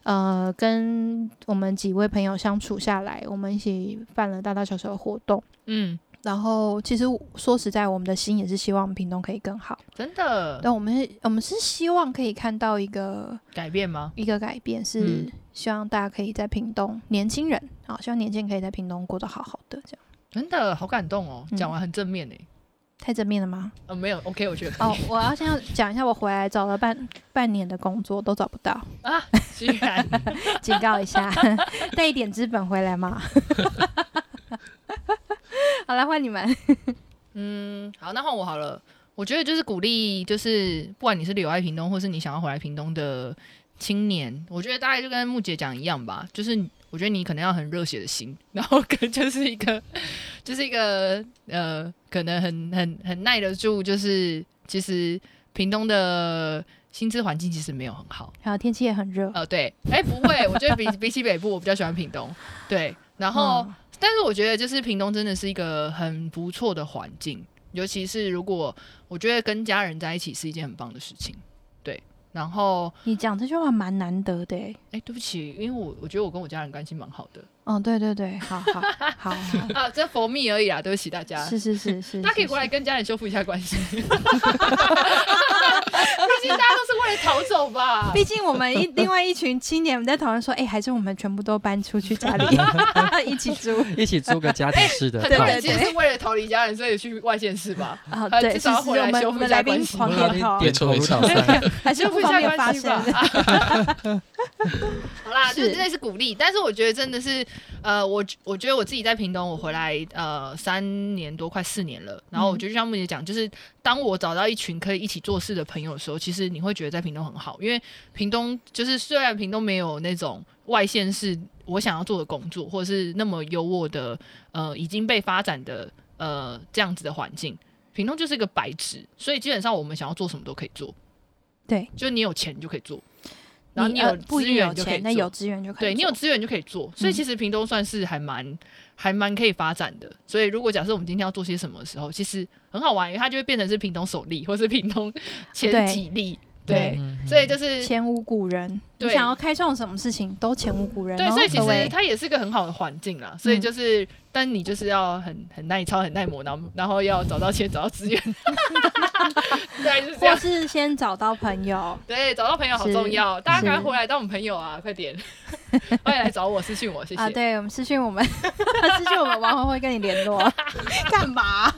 呃，跟我們幾位朋友相處下來，我們一起辦了大大小小的活動，嗯。然後，其實說實在，我們的心也是希望屏東可以更好，真的。但我們是我們是希望可以看到一個改變嗎？一個改變是希望大家可以在屏東，嗯、年輕人啊、哦，希望年輕人可以在屏東過得好好的，這樣真的好感動哦。講完很正面呢、嗯，太正面了嗎？呃、哦，沒有，OK，我覺得哦，我要先要講一下，我回來 找了半半年的工作都找不到啊， 警告一下，帶 一點資本回來嘛。 好啦，來換你們。 嗯，好，那換我好了。我覺得就是鼓勵，就是不管你是留在屏東，或是你想要回來屏東的青年，我覺得大概就跟木姐講一樣吧。就是我覺得你可能要很熱血的心，然後可能就是一個，就是一個呃，可能很很很耐得住。就是其實屏東的薪資環境其實沒有很好，然後天氣也很熱。哦、呃，對，哎、欸，不會，我覺得比 比起北部，我比較喜歡屏東。對，然後。嗯但是我覺得，就是屏東真的是一個很不錯的環境，尤其是如果我覺得跟家人在一起是一件很棒的事情，對。然後你講這句話蠻難得的，哎、欸，對不起，因為我我覺得我跟我家人關係蠻好的。嗯、哦，對對對，好好好好 啊，這佛蜜而已啊，對不起大家。是是是是，是，他可以過來跟家人修復一下關係。 畢竟大家都是為了逃走吧？畢竟我們一另外一群青年在討論說，哎、欸，還是我們全部都搬出去家裡 一起租，一起租個家庭式的。欸、對，對，對，其實是為了逃離家人，所以去外縣市吧。啊，對，至、 啊、少回來修復下關係了。點 頭，還是修復下關係吧。 好啦，是，就真的是鼓勵。但是我覺得真的是，呃，我我覺得我自己在屏東，我回來呃三年多，快四年了，嗯。然後我覺得，就像木姐講，就是當我找到一群可以一起做事的朋友的時候，其實你會覺得在屏東很好，因為屏東就是雖然屏東沒有那種外縣市我想要做的工作，或者是那麼優渥的呃已經被發展的呃這樣子的環境，屏東就是一個白紙，所以基本上我們想要做什麼都可以做。對，就是你有錢就可以做。然後你有資源就可以，對，你有資源就可以做。呃以做、以做嗯、所以其實屏東算是還蠻還蠻可以發展的。所以如果假設我們今天要做些什麼時候，其實很好玩，因為它就會變成是屏東首例，或是屏東前幾例。對，對對，所以就是前無古人，你想要開創什麼事情都前無古人，對。對，所以其實它也是一個很好的環境啦。所以就是，嗯、但你就是要很很耐操、很耐磨然後然後要找到錢、找到資源。 我 或是先找到朋友。對，找到朋友好重要。大家趕快回來當我們朋友啊！快點，快 點來找我，私訊我，謝謝。啊，對我們私訊我們， 私訊我們，我 們會跟你聯絡。幹 嘛？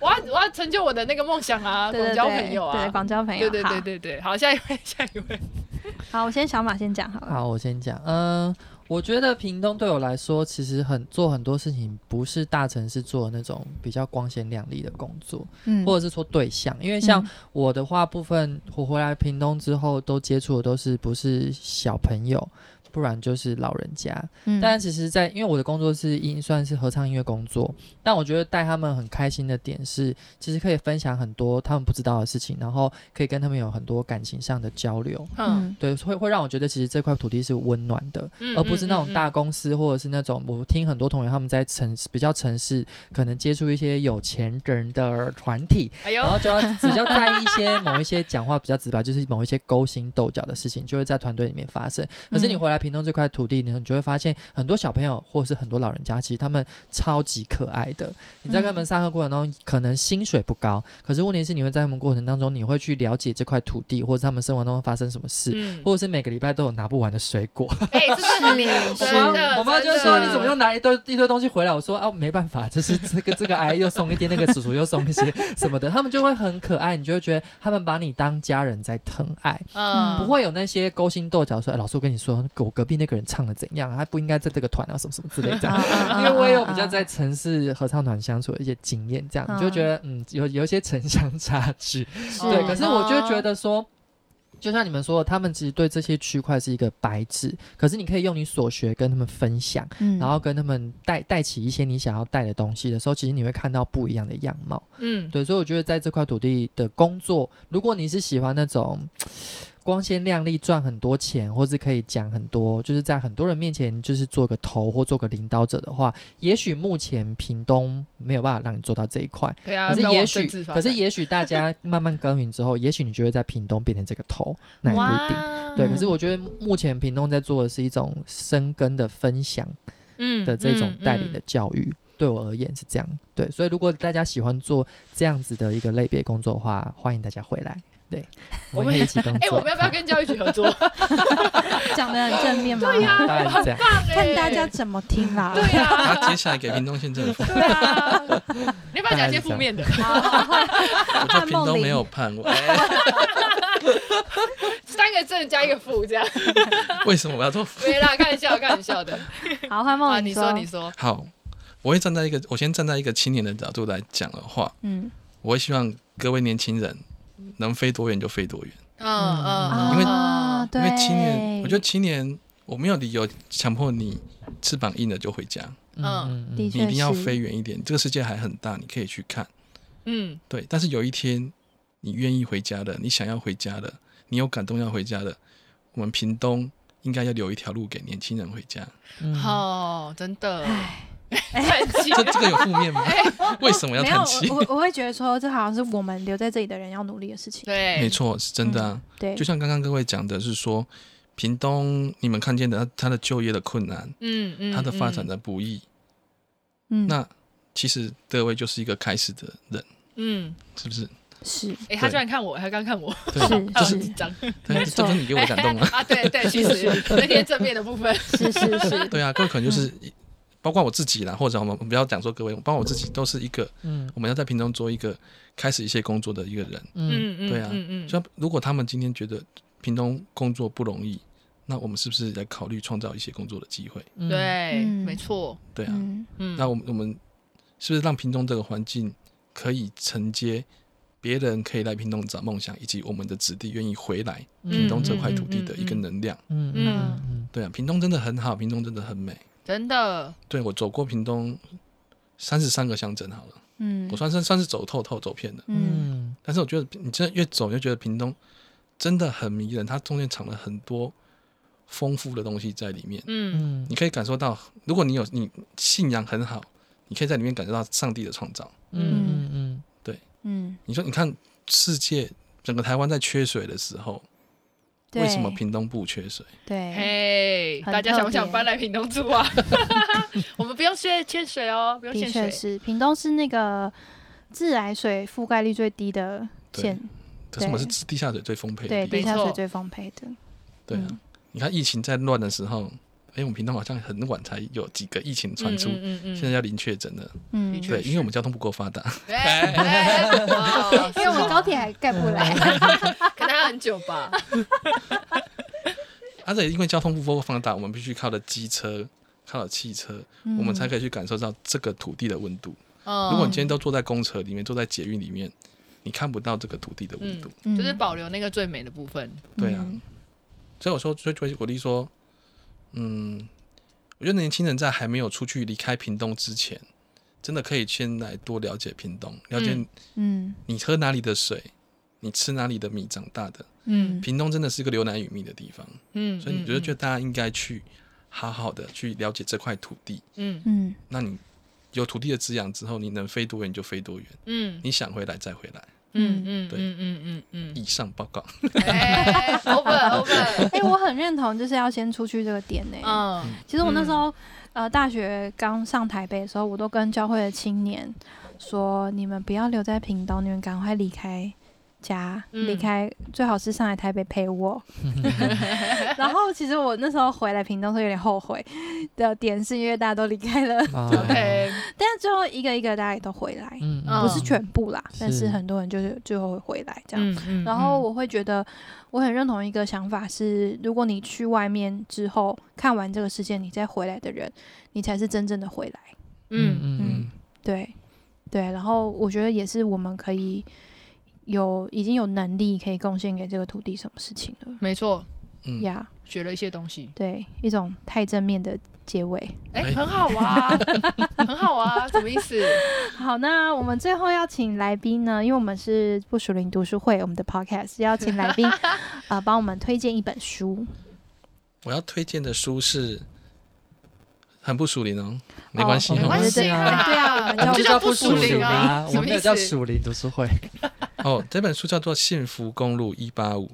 我要我要成就我的那個夢想啊！廣 交朋友啊！對，廣交朋友。對對對對對，好，下一位，下一位。 好，我先小馬先講好了。好，我先講，嗯、呃。我覺得屏東對我來說，其實很做很多事情，不是大城市做的那種，比較光鮮亮麗的工作，嗯，或者是說對象，因為像我的話，部分我回來屏東之後都接觸的都是不是小朋友，不然就是老人家，但其實在，在因為我的工作是音算是合唱音樂工作，但我覺得帶他們很開心的點是，其實可以分享很多他們不知道的事情，然後可以跟他們有很多感情上的交流，嗯，對，會會讓我覺得其實這塊土地是溫暖的，嗯，而不是那種大公司或者是那種、嗯嗯嗯、我聽很多同學他們在城比較城市，可能接觸一些有錢人的團體，哎呦，然後就要比較在意一些某一些講話比較直白， 就是某一些勾心鬥角的事情就會在團隊裡面發生，嗯，可是你回來。屏東這塊土地呢，你你就會發現很多小朋友，或者是很多老人家，其實他們超級可愛的。你在跟他們上課過程當中、嗯，可能薪水不高，可是問題是你會在他們過程當中，你會去了解這塊土地，或者他們生活當中發生什麼事，嗯，或者是每個禮拜都有拿不完的水果。欸、這是你說 是， 我媽就會說：“你怎麼又拿一堆一堆東西回來？”我說：“啊，沒辦法，就是這個這個哎，又送一點， 那個叔叔又送一些什麼的。 ”他們就會很可愛，你就會覺得他們把你當家人在疼愛，嗯，不會有那些勾心鬥角說、欸：“老師，我跟你說，狗。”隔壁那個人唱的怎樣、啊？他不應該在這個團啊，什麼什麼之類的。 因為我也有比較在城市合唱團相處的一些經驗，這樣你 就覺得嗯，有有一些城鄉差距。對，可是我就覺得說，哦、就像你們說的，他們其實對這些區塊是一個白紙，可是你可以用你所學跟他們分享，嗯、然後跟他們帶帶起一些你想要帶的東西的時候，其實你會看到不一樣的樣貌。嗯，對，所以我覺得在這塊土地的工作，如果你是喜歡那種。光鮮亮麗賺很多錢，或是可以講很多，就是在很多人面前就是做個頭或做個領導者的話，也許目前屏東沒有辦法讓你做到這一塊。對啊。可是也許，可是也許大家慢慢耕耘之後， 也許你就會在屏東變成這個頭，那也不一定。對。可是我覺得目前屏東在做的是一種深耕的分享，嗯的這種帶領的教育、嗯嗯嗯，對我而言是這樣。對。所以如果大家喜歡做這樣子的一個類別工作的話，歡迎大家回來。對，我們一起工作。哎、 欸，我們要不要跟教育局合作？講 得很正面嘛。對呀、啊，好、 啊、棒，看大家怎麼聽啦、啊。對呀、啊啊，接下來給屏東縣政府。對啊， 對啊，你要不要講一些負面的。 好好好 我做屏東沒有判過。 三個正加一個負，這樣。 這樣 為什麼我要做負？ 沒啦，開玩笑，開玩笑的。 好，歡迎孟霖啊，你說，你說。好，我會站在一個，我先站在一個青年的角度來講的話，嗯，我會希望各位年輕人。能飛多遠就飛多遠。嗯嗯，因為、哦、因為青年，我覺得青年，我沒有理由強迫你翅膀硬了就回家。嗯，嗯，你一定要飛遠一點、嗯，這個世界還很大，你可以去看。嗯，對。但是有一天你願意回家的，你想要回家的，你有感動要回家的，我們屏東應該要留一條路給年輕人回家。好、嗯哦，真的。哎、欸，氣， 這這個有負面嗎？為什麼要嘆氣？我我，我，我會覺得說，這好像是我們留在這裡的人要努力的事情。對， 沒錯，是真的、啊、嗯。對，就像剛剛各位講的，是說屏東你們看見的他，他的就業的困難，嗯嗯，他的發展的不易，嗯，那其實各位就是一個開始的人，嗯，是不是？是，哎、欸，他居然看我，他剛看我，對，這是緊張、 就是，對，就是、對這不是你給我感動了啊、欸、啊？對對，其實， 那天正面的部分， 是，是是是，對啊，各位可能就是。嗯包括我自己啦，或者我們不要講說各位，包括我自己都是一個，嗯，我們要在屏東做一個開始一些工作的一個人，嗯嗯，對啊，嗯嗯，就如果他們今天覺得屏東工作不容易，那我們是不是來考慮創造一些工作的機會？嗯？對，嗯、沒錯，對啊，嗯，嗯，那我們，我們是不是讓屏東這個環境可以承接別人可以來屏東找夢想，以及我們的子弟願意回來屏東這塊土地的一個能量？嗯嗯嗯，嗯，對啊，屏東真的很好，屏東真的很美。真的，對我走過屏東三十三個鄉鎮，好了，嗯，我算是算是走透透、走遍的，嗯。但是我覺得，你真的越走，越覺得屏東真的很迷人，它中間藏了很多豐富的東西在裡面，嗯嗯。你可以感受到，如果你有你信仰很好，你可以在裡面感受到上帝的創造，嗯嗯嗯，對，嗯。你說，你看世界，整個台灣在缺水的時候。為什麼屏東不缺水？對，嘿、hey，大家想不想搬來屏東住啊？哈哈哈，我們不用缺缺水哦，不用缺水。是屏東是那個自來水覆蓋率最低的縣，可是我們是地下水最豐沛的？對，地下水最豐沛的。對、啊嗯，你看疫情在亂的時候。哎、欸，我們屏東好像很晚才有幾個疫情傳出，嗯嗯嗯，現在要零確診了。嗯，對，因為我們交通不夠發達，嗯嗯、對對，因為我們高鐵還蓋不來，嗯、可能要很久吧。嗯。而且因為交通不夠發達，我們必須靠著機車，靠著汽車，嗯，我們才可以去感受到這個土地的溫度。嗯。如果你今天都坐在公車裡面，坐在捷運裡面，你看不到這個土地的溫度。嗯。就是保留那個最美的部分。嗯、對啊，所以我說，所以我勵說。嗯，我覺得年輕人在還沒有出去離開屏東之前，真的可以先來多了解屏東，了解嗯，你喝哪裡的水，嗯嗯，你吃哪裡的米長大的，嗯，屏東真的是一個流奶與蜜的地方，嗯，所以你覺得，就大家應該去好好的去了解這塊土地，嗯嗯，那你有土地的滋養之後，你能飛多遠你就飛多遠，嗯，你想回來再回來。嗯嗯，對，嗯嗯嗯嗯，以上報告、欸。over over 哎，我很認同，就是要先出去這個點呢、欸。嗯，其實我那時候、嗯、呃，大學剛上台北的時候，我都跟教會的青年說，你們不要留在屏東，你們趕快離開。家離開、嗯，最好是上海、台北陪我。 然後，其實我那時候回來屏東是有點後悔的點，是因為大家都離開了。Okay. 但是最後一個一個大家也都回來，嗯、不是全部啦、嗯，但是很多人就是最後會回來這樣。然後我會覺得，我很認同一個想法是：如果你去外面之後看完這個世界，你再回來的人，你才是真正的回來。嗯嗯嗯，對對。然後我覺得也是我們可以。有已經有能力可以貢獻給這個土地什麼事情了？沒錯，嗯呀，yeah, 學了一些東西。對，一種太正面的結尾，哎、欸， 很好啊， 很好啊，什麼意思？ 好，那我們最後要請來賓呢，因為我們是不屬靈讀書會，我們的 podcast 要請來賓啊，幫、 呃、我們推薦一本書。我要推薦的書是很不屬靈哦。沒關係，沒關係啊，對啊，你知道不屬靈嗎？我們麼叫屬靈讀書會。哦、 oh,，這本書叫做《幸福公路一八五》，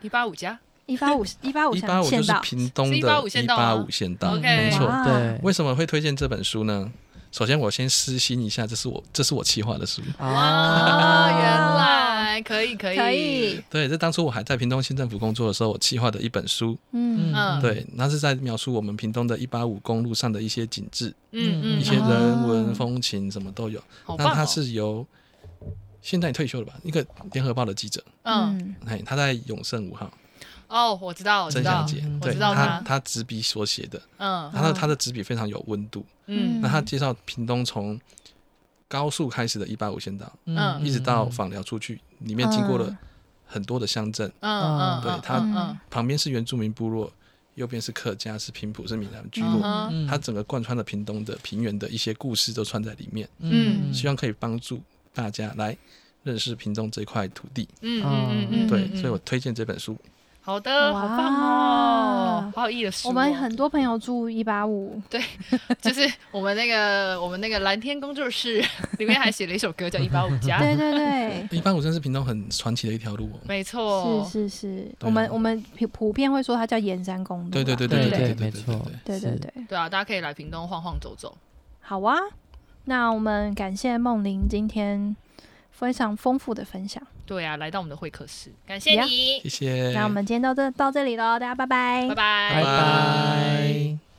一八五加一八五，一八五一八五就是屏東的一八五線道。一八五線道、啊，沒錯。對、啊，為什麼會推薦這本書呢？首先，我先私心一下，這是我這是我企劃的書啊，原來。還可，可以，可以，對，這當初我還在屏東縣政府工作的時候，我企劃的一本書，嗯嗯，對，那是在描述我們屏東的一八五公路上的一些景致，嗯嗯，一些人文、啊、風情什麼都有。好棒哦、那他是由現在你退休了吧？一個聯合報的記者，嗯，哎、嗯，他在永盛五號。哦，我知道，曾小姐對，我知道我他，他執筆所寫的，嗯，他的他的執筆非常有溫度，嗯，那他介紹屏東從。高樹開始的185縣道，嗯，一直到枋寮出去，嗯嗯，裡面經過了很多的鄉鎮。嗯嗯，對，它，嗯、旁邊是原住民部落，嗯、右邊是客家，是平埔，是閩南聚落。它，嗯、整個貫穿了屏東的，嗯、平原的一些故事都串在裡面。嗯，希望可以幫助大家來認識屏東這塊土地。嗯嗯嗯，對嗯，所以我推薦這本書。好的，好棒哦，好有意思。我們很多朋友住一八五，對，就是我們那個我們那個藍天工作室 裡面還寫了一首歌叫《一八五家》。對對對， 一八五真是屏東很傳奇的一條路哦。沒錯，是是是，啊、我們我們普普遍會說它叫沿山公路。對對對對對對，沒錯，對對對，對，對。對啊，大家可以來屏東晃晃走走。好啊，那我們感謝孟霖今天非常豐富的分享。對啊，來到我們的會客室，感謝你，yeah, 謝謝。那我們今天到這到這裡嘍，大家拜拜，拜拜，拜拜。Bye bye